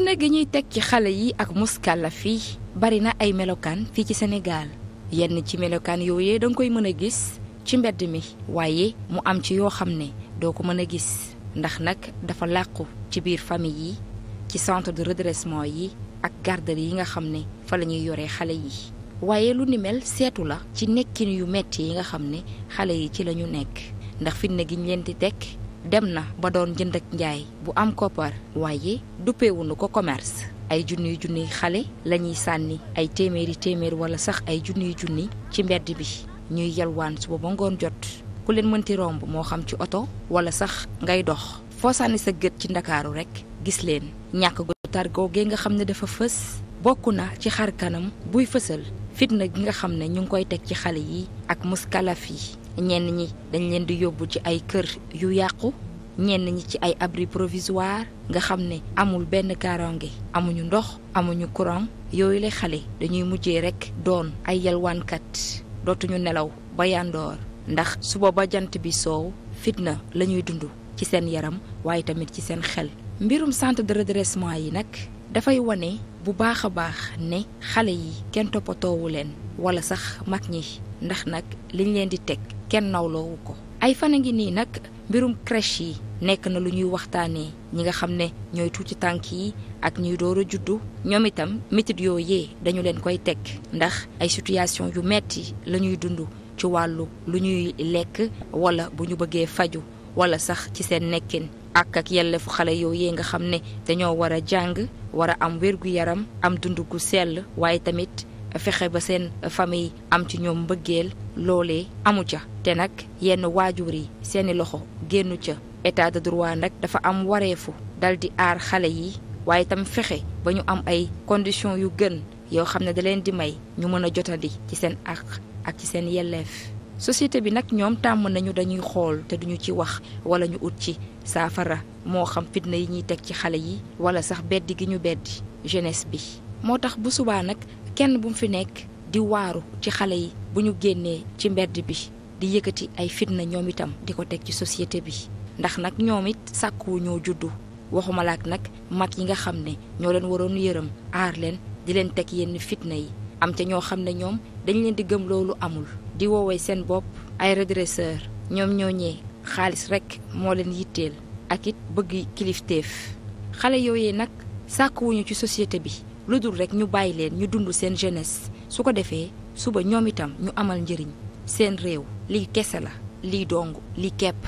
fitna gi ñuy teg ci xale yi ak muskala fii bari na ay melokaan fii ci Sénégal yenn ci melokaan yooyee yee nga koy mën a gis ci mbedd mi waaye mu am ci yoo xam ne doo ko mën a gis ndax nag dafa làqu ci biir famille yi ci centre de redressement yi ak garderie yi nga xam ne fa la ñuy yoree xale yi waaye lu ni mel seetu la ci nekkin yu metti yi nga xam ne xale yi ci lañu nekk ndax fitna gi ñu leen di teg dem na ba doon jënd ak njaay bu am koppar waaye nu ko commerce ay junniy junni xale la ñuy sànni ay téeméeri téeméer wala sax ay junniy junni ci mbedd bi ñuy yalwaan suba ba ngoon jot ku leen mënti romb moo xam ci oto wala sax ngay dox foo sànni sa gët ci ndakaaru rekk gis leen ñàkk gu tar nga xam ne dafa fës bokk na ci xar kanam buy fësal fitna gi nga xam ne ñu ngi koy teg ci xale yi ak muskalaf yi ñenn ñi dañu leen di yóbbu ci ay kër yu yàqu ñenn ñi ci ay abri provisoire nga xam ne amul benn kaaraange amuñu ndox amuñu courant yooyu la xale dañuy mujjee rekk doon ay yalwaankat dootuñu nelaw ba yàndoor ndax suba ba jant bi soow fitna la ñuy dund ci seen yaram waaye tamit ci seen xel mbirum sant de redressement yi nag dafay wane bu baax a baax ne xale yi kenn toppatoowu leen walla sax mag ñi ndax nag liñ leen di teg kenn nawloowu ko ay fan a ngi nii nag mbirum crèche yi nekk na lu ñuy waxtaanee ñi nga xam ne ñooy tuuti tànk yi ak ñuy door a juddu ñoom itam métit yooyee dañu leen koy teg ndax ay situation yu metti la ñuy dund ci wàllu lu ñuy lekk walla bu ñu bëggee faju wala sax ci seen nekkin ak ak yellefu xale yooyee nga xam ne dañoo war a jàng war a am wér gu yaram am dund gu sell waaye tamit fexe ba seen famille am ci ñoom mbëggeel loole amu ca te nag yenn waajur yi seeni loxo génnu ca état de droit nag dafa am wareefu dal di aar xale yi waaye itam fexe ba ñu am ay conditions yu gën yoo xam ne da leen di may ñu mën a jotandi ci seen àq ak ci seen yelleef. société bi nag ñoom tàmm nañu dañuy xool te duñu ci wax wala ñu ut ci saafara moo xam fitna yi ñuy teg ci xale yi wala sax beddi gi ñu beddi jeunesse bi moo tax bu nag kenn bu mu fi nekk di waaru ci xale yi bu ñu génnee ci mbedd bi di yëkkati ay fitna ñoom itam di ko teg ci société bi ndax nag ñoom it sàkkuwu juddu waxuma laak nag mag yi nga xam ne ñoo leen waroon yërëm aar leen di leen teg yenn fitna yi am ca ñoo xam ne ñoom dañ leen di gëm loolu amul di woowee seen bopp ay redresseur ñoom ñoo ñee xaalis rek moo leen yitteel ak it bëgg kilifteef xale yooyee nag sàkkuwuñu ci société bi lu dul rek ñu bàyyi leen ñu dund seen jeunesse su ko defee suba ñoom itam ñu amal njëriñ seen réew lii kese la lii dong lii kepp